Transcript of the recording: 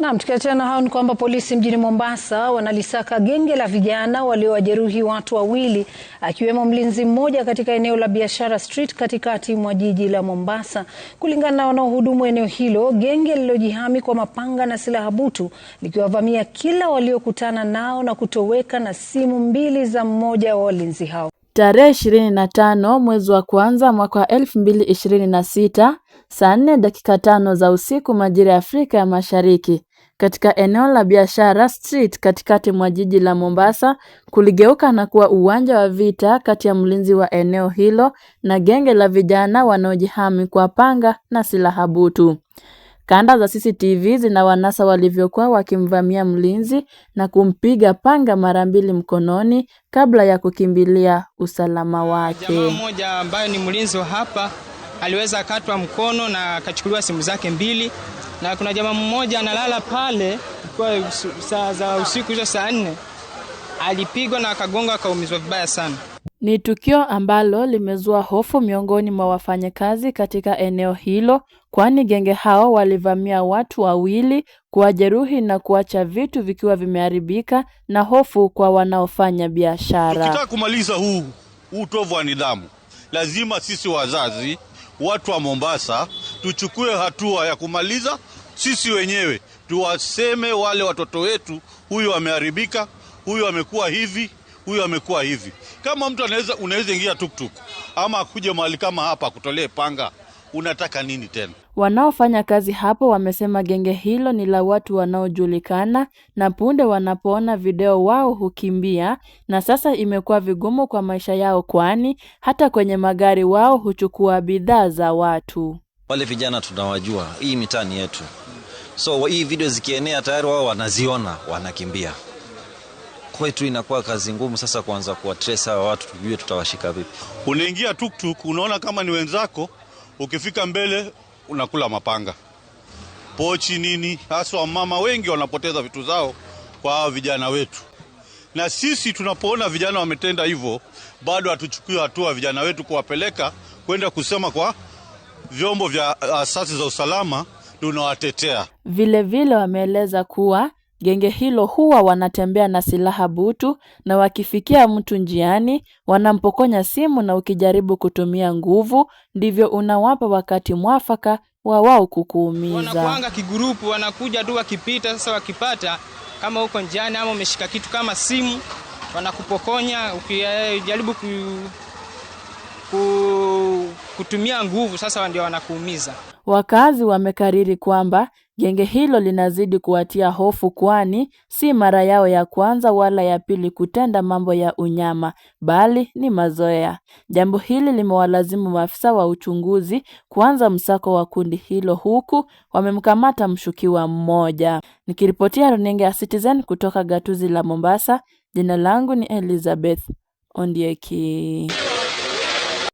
Naam, tukiachana na hao ni kwamba polisi mjini Mombasa wanalisaka genge la vijana waliowajeruhi watu wawili akiwemo mlinzi mmoja katika eneo la Biashara Street katikati mwa jiji la Mombasa. Kulingana na wanaohudumu eneo hilo, genge lililojihami kwa mapanga na silaha butu likiwavamia kila waliokutana nao na kutoweka na simu mbili za mmoja wa walinzi hao. Tarehe 25 mwezi wa kwanza mwaka wa 2026 saa 4 dakika tano za usiku majira ya Afrika ya Mashariki, katika eneo la biashara street katikati mwa jiji la Mombasa kuligeuka na kuwa uwanja wa vita kati ya mlinzi wa eneo hilo na genge la vijana wanaojihami kwa panga na silaha butu. Kanda za CCTV wanasa walivyokuwa wakimvamia mlinzi na kumpiga panga mara mbili mkononi kabla ya kukimbilia usalama wake. Jamaa mmoja ambaye ni mlinzi wa hapa aliweza akatwa mkono na akachukuliwa simu zake mbili na kuna jamaa mmoja analala pale kwa saa za usiku hizo saa nne, alipigwa na akagonga akaumizwa vibaya sana. Ni tukio ambalo limezua hofu miongoni mwa wafanyakazi katika eneo hilo, kwani genge hao walivamia watu wawili kuwajeruhi na kuacha vitu vikiwa vimeharibika, na hofu kwa wanaofanya biashara. Tukitaka kumaliza huu huu utovu wa nidhamu, lazima sisi wazazi, watu wa Mombasa, tuchukue hatua ya kumaliza sisi wenyewe tuwaseme wale watoto wetu, huyu ameharibika, huyu amekuwa hivi, huyu amekuwa hivi. Kama mtu anaweza, unaweza ingia tuktuk ama akuje mahali kama hapa akutolee panga, unataka nini tena? Wanaofanya kazi hapo wamesema genge hilo ni la watu wanaojulikana, na punde wanapoona video wao hukimbia, na sasa imekuwa vigumu kwa maisha yao, kwani hata kwenye magari wao huchukua bidhaa za watu. Wale vijana tunawajua, hii mitaa ni yetu. So hii video zikienea, tayari wao wanaziona, wanakimbia kwetu inakuwa kazi ngumu sasa kuanza kuwatrace hawa watu, tujue tutawashika vipi. Unaingia tuktuk, unaona kama ni wenzako, ukifika mbele unakula mapanga, pochi nini. Hasa mama wengi wanapoteza vitu zao kwa hawa vijana wetu, na sisi tunapoona vijana wametenda hivyo, bado hatuchukui hatua vijana wetu kuwapeleka kwenda kusema kwa vyombo vya asasi za usalama tunawatetea. Vilevile wameeleza kuwa genge hilo huwa wanatembea na silaha butu, na wakifikia mtu njiani wanampokonya simu, na ukijaribu kutumia nguvu ndivyo unawapa wakati mwafaka wa wao kukuumiza. Wanakuanga kigurupu, wanakuja tu wakipita. Sasa wakipata kama uko njiani ama umeshika kitu kama simu, wanakupokonya ukijaribu ku, ku, kutumia nguvu, sasa ndio wanakuumiza. Wakazi wamekariri kwamba genge hilo linazidi kuwatia hofu kwani si mara yao ya kwanza wala ya pili kutenda mambo ya unyama bali ni mazoea. Jambo hili limewalazimu maafisa wa uchunguzi kuanza msako wa kundi hilo huku wamemkamata mshukiwa mmoja. Nikiripotia runinga ya Citizen kutoka gatuzi la Mombasa, jina langu ni Elizabeth Ondieki.